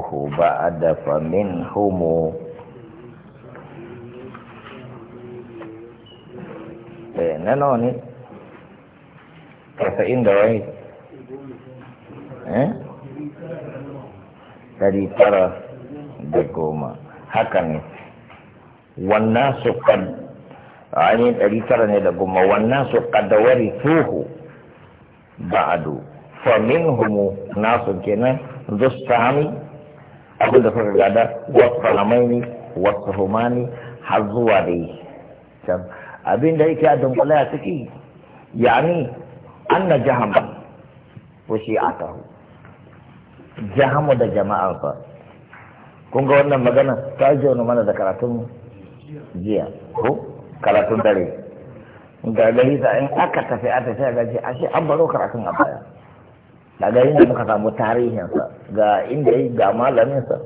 فذوقوه بعد فمنهم na nawa ne tasa'in da wani ɗari tara da goma haka ne wannan su kan a ɗari tara ne da goma wannan su kadawari tuhu ba'adu famin humu nasu kenan zusta hami abin da suka gada wasu salamaini wasu humani har zuwa dai can abin da yake a dunkule a ciki ni an na jahama ko shi atahu jahamu da ba kun ga wannan magana ta ji wani mana da karatun jiya ko karatun dare ga gari in aka tafi a tafi a gaji ashe an baro karatun a baya daga inda muka samu tarihinsa ga inda yi ga malaminsa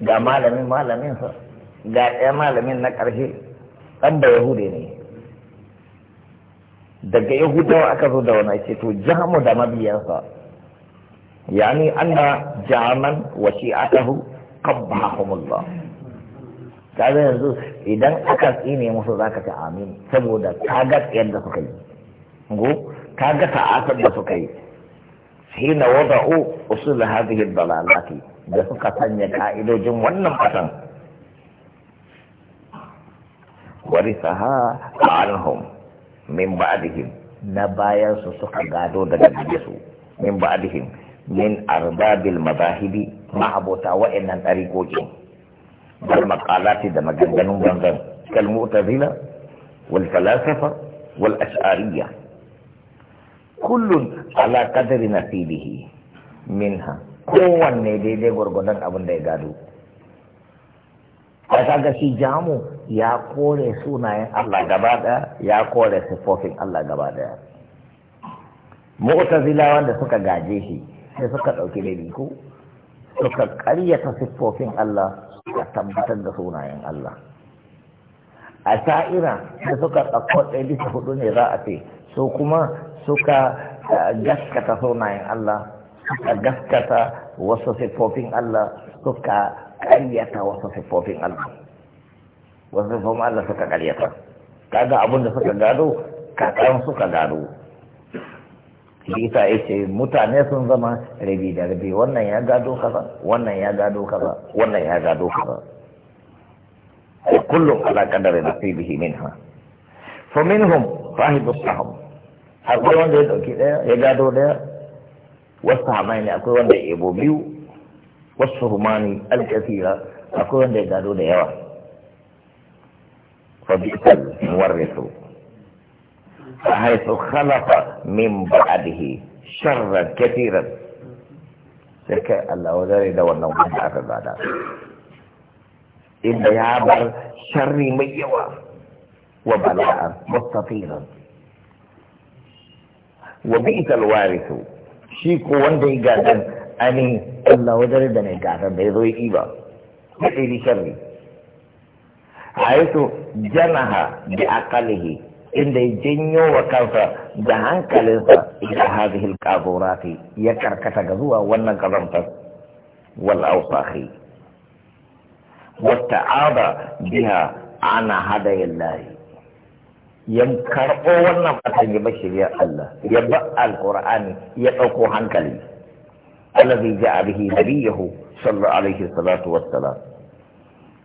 ga malamin malaminsa ga ɗaya malamin na ƙarshe ɗan da yahude ne daga yahudawa aka zo da wani ce to jamu da mabiyansa yani anna jaman wa shi'atahu qabbahumullah kaga yanzu idan aka tsine musu zaka ta amin saboda kaga yadda suka yi go kaga ta'asar da suka yi hina wada'u usul hadhihi da suka sanya ka'idojin wannan fatan warisaha anhum min ba'dihim na bayan su suka gado daga gare su min ba'dihim min arbabil mazahibi ma'abota wa'annan tarikokin bal maqalati da maganganun banzan kal mu'tazila wal falasafa wal ash'ariyya kullun ala kadari na min minha kowanne daidai gwargwadon abin da ya gado a kaga shi jamu ya kore sunayen Allah gaba daya ya kore siffofin Allah gaba daya mu'tazila wanda suka gaje shi sai suka dauki da ko suka karyata siffofin Allah suka tabbatar da sunayen Allah a sa'ira da suka ɗauko ɗaya bisa hudu ne za a ce su kuma suka eh, gaskata sunayen Allah suka gaskata wasu siffofin Allah suka ƙaryata wasu siffofin Allah wasu siffofin Allah suka ƙaryata kaga abin da suka gado kaɗan suka gado Isa ya ce mutane sun zama rabi da rabi wannan ya gado kaza wannan ya gado kaza wannan ya gado kaza كله على قدر نصيبه منها فمنهم صاحب السهم أقول وندي كده يجادو ده وسهمين أقول وندي أبو بيو والسهماني الكثيرة أقول وندي يجادو ده يوا فبئس المورث فحيث خلف من بعده شرا كثيرا لك الله وذلك دور نوم هذا inda ya bar sharri mai yawa wa bala'an mustafiran wa bi'sal warithu shi ko wanda ya gadan ani Allah wajen da mai gadan da ya zo ya iba ya ɗiri sharri haitu janaha bi aqalihi inda ya janyo wa kansa da hankalinsa ila hadhihi alqadurati ya karkata ga zuwa wannan kazantar wal awsakhi wasta'ada biha ana hadayin yallahi ya karɓo wannan fatan ya bar Allah ya ba alƙur'ani ya ɗauko hankali allazi ja'a bihi nabiyahu sallallahu alaihi salatu wassalam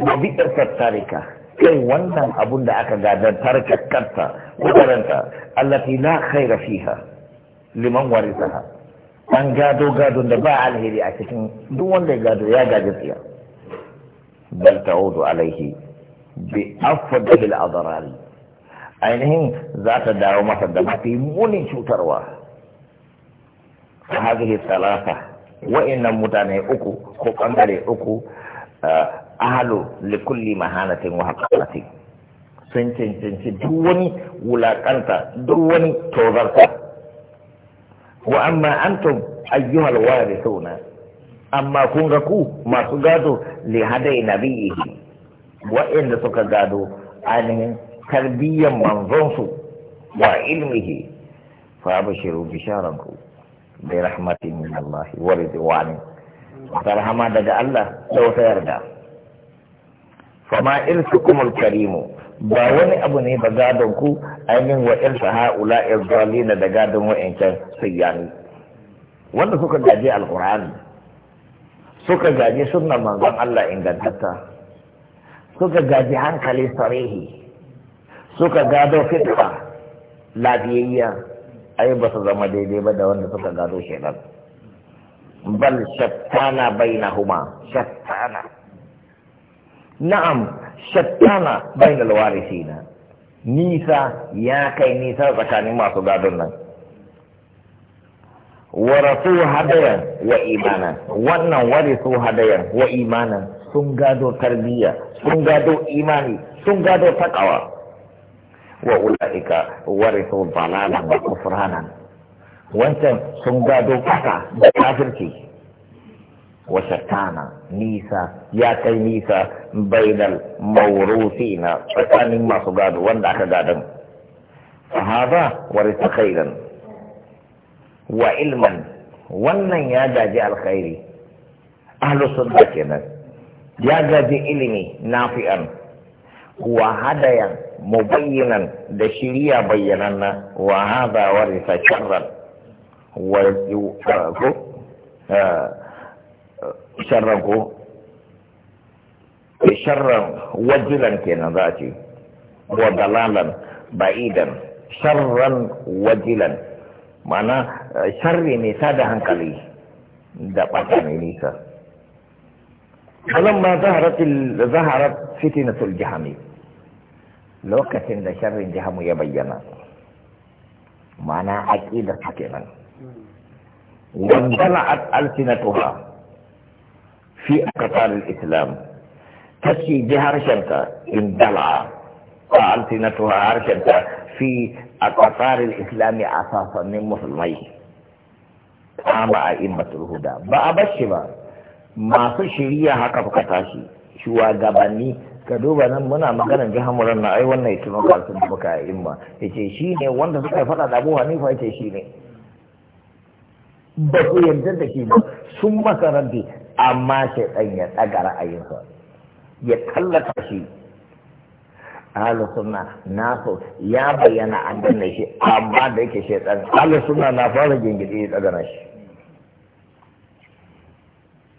wa bi kai wannan abun da aka gadar tarkakarta Allah allati la khaira fiha liman warisaha an gado gado da ba alheri a cikin duk wanda ya gado ya gaji tsiya بل تعود عليه بأفضل الأضرار أين هم ذات دعوة مصدمة في مونيش تروى فهذه الثلاثة وإن متاني أكو خوك داري أكو آه، أهل لكل مهانة وحقالة سنتين سنتين دوني ولا كانت دوني توضرت وأما أنتم أيها الوارثون amma kun ga ku masu gado li hadai nabiyyihi wa'inda suka gado ainihin tarbiyyan manzonsu wa ilmihi fa bashiru ku, bi rahmatin min Allah wa ridwani tarhama daga Allah da wata yarda fama irsukum al-karim ba wani abu ne ba gadon ku ainihin wa irsa haula irzalina da gadon wa'ancan sayyani wanda suka gaje alqur'ani suka gaji sunan manzon Allah ingantatta suka gaji hankali sarihi suka gado fitra lafiyayya ai ba su zama daidai ba da wanda suka gado shaitan bal shattana bainahuma shattana na'am shattana bainal warisina nisa ya kai nisa tsakanin masu gadon nan warasu hadaya wa imana wannan warisu hadaya wa imana sun gado tarbiya sun gado imani sun gado takawa wa ula'ika warisu balala wa kufrana wancan sun gado kaka da kafirci wa shatana nisa ya kai nisa bainal mawrusina tsakanin masu gado wanda aka gadan fa hada warisa khairan wa ilman wannan ya gaji alkhairi ahlu sunna kenan ya gaji ilimi nafi'an wa hadayan mubayyinan da shiriya na wa hadha warisa sharran wa ko sharran ko sharran wajilan kenan za ce wa dalalan ba'idan sharran wajilan ma'ana sharri mai sada hankali da ɓata mai nisa falamma zaharat fitinatul jihami lokacin da sharrin jahamu ya bayyana mana aƙidar ta kenan al sinatuha fi aqtaril islam tace jahar syanta in al sinatuha alsinatuha syanta fi aqtaril islami a sasannin musulmai kama a huda ba a bashi ba masu shiriya haka fuka tashi shugabanni ka duba nan muna maganar jihar murar na ai wannan ya tuno ka sun baka a imma yace shi ne wanda suka faɗa da ne fa yace shi ne ba ku yarda da shi ba sun masa rabbi amma shaitan ya ɗaga sa ya tallata shi suna na so ya bayyana an danne shi amma da yake shaitan ahalus suna na fara gingiri ya tsagana shi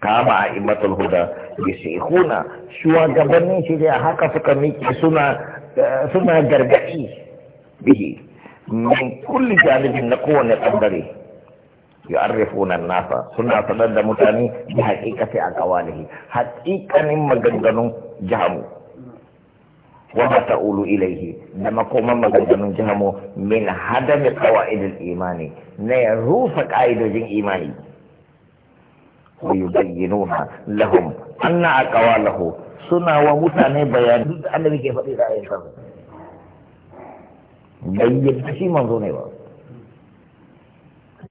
kama a imatul huda bi huna shugabannin shi a haka suka miƙe suna eh, suna gargaɗi bihi min kulli janibin na kowane ɓangare يعرفون الناس a تدد متاني بحقيقة أقواله maganganun مجدن mu. Wa ma ta'ulu ilaihi da makoman maganganun jihamo min hadami qawaidil imani na ya rufa ka'idojin imani wa yubayyinuha lahum anna aqwalahu suna wa mutane bayani. duk annabi ke faɗi da ayyukan bayyin shi manzo ne ba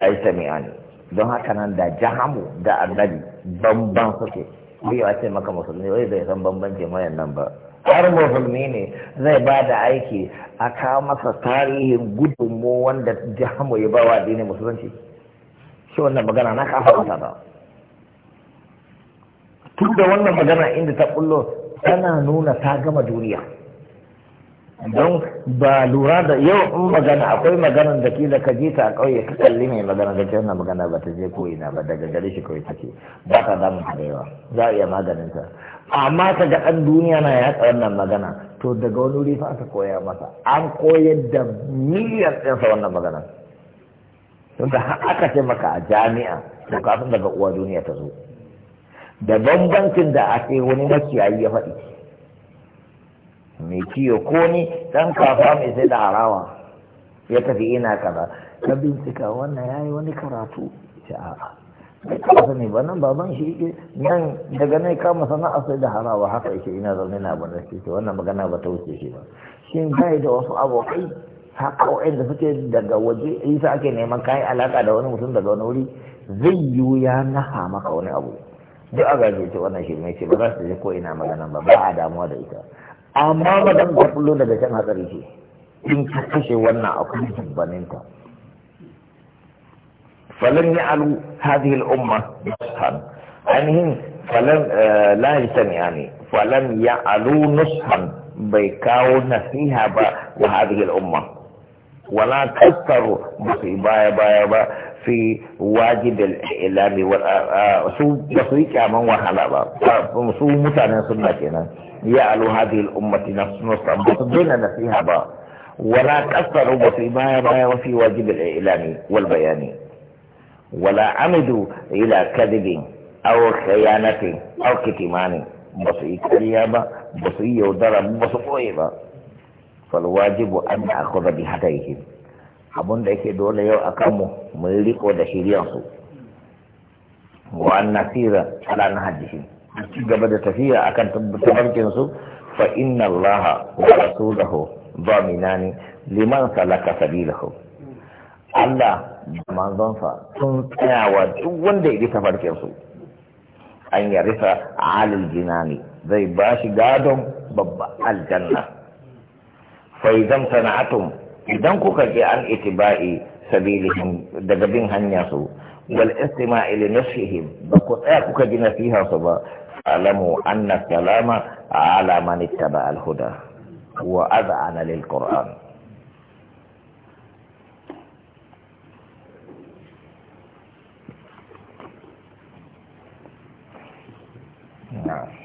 ai sai sami'ani don haka nan da jahamu da annabi bamban suke bai ya ce maka musulmi wai bai san bambancin wayan nan ba har musulmi ne zai ba da aiki a kawo masa tarihin gudunmu wanda jihamu ya bawa dini musulunci shi wannan magana na kafa ba tun da wannan magana inda ta kullo tana nuna ta gama duniya don ba lura da yau in magana akwai maganar da kila ka ji ta a ƙauye ka kalli mai magana da ta magana ba ta je ko ina ba daga gare shi kawai take ba ka damu ta da yawa za a iya maganin ta amma ka ga ɗan duniya na ya wannan magana to daga wani wuri fa aka koya masa an koyar da miliyan ɗinsa wannan magana tun da aka ce maka a jami'a to kafin daga uwa duniya ta zo da bambancin da a ce wani makiyayi ya faɗi mai kiyo ko ni dan kafa mai sai da arawa ya tafi ina kaza ka bincika wannan yayi wani karatu ce a'a bai taba ne ba nan baban shi ke nan daga nai kama sana'a sai da harawa haka yake ina zaune na abin da ke wannan magana ba ta wuce shi ba shi bai da wasu abokai haka wa'anda suke daga waje isa ake neman kayan alaka da wani mutum daga wani wuri zai yiwu ya naha maka wani abu duk a gaje ce wannan shi mai ce ba za su je ko ina magana ba ba a damuwa da ita amma ba don bullo daga can hatsari ce in ka kashe wannan akwai tabbaninta falon ya alu hadhihi al-umma nushan ainihin falon eh, la yastami'a ne falon ya alu nushan bai kawo nasiha ba wa hadhihi al wala tattaru ba baya baya ba في واجب الإعلام وسوء آه، آه، كاما وحلا سوء متعنى سنة كنا يعلو هذه الأمة نفس نصر بطبنا فيها با ولا تأثروا في ما وفي واجب الإعلام والبيان ولا عمدوا إلى كذب أو خيانة أو كتمان بصي كريابا بصي يودر بصي فالواجب أن نأخذ بهديهم abun da yake dole yau a kanmu mu yi riko da shiryansu wa nasira ala na a ci gaba da tafiya akan tabbatarkin su fa inna allaha wa rasulahu minani liman salaka sabilahu Allah da manzonsa sun tsayawa duk wanda ya bi tafarkin su an a alil jinani zai ba shi gadon babba aljanna fa idan sana'atum idan kuka ji an itiba'i sabilihim daga bin hanya su wal istima'i li nafsihim ba ku tsaya kuka ji nasiha su ba alamu anna salama ala man ittaba al huda wa az'ana lil qur'an Yeah.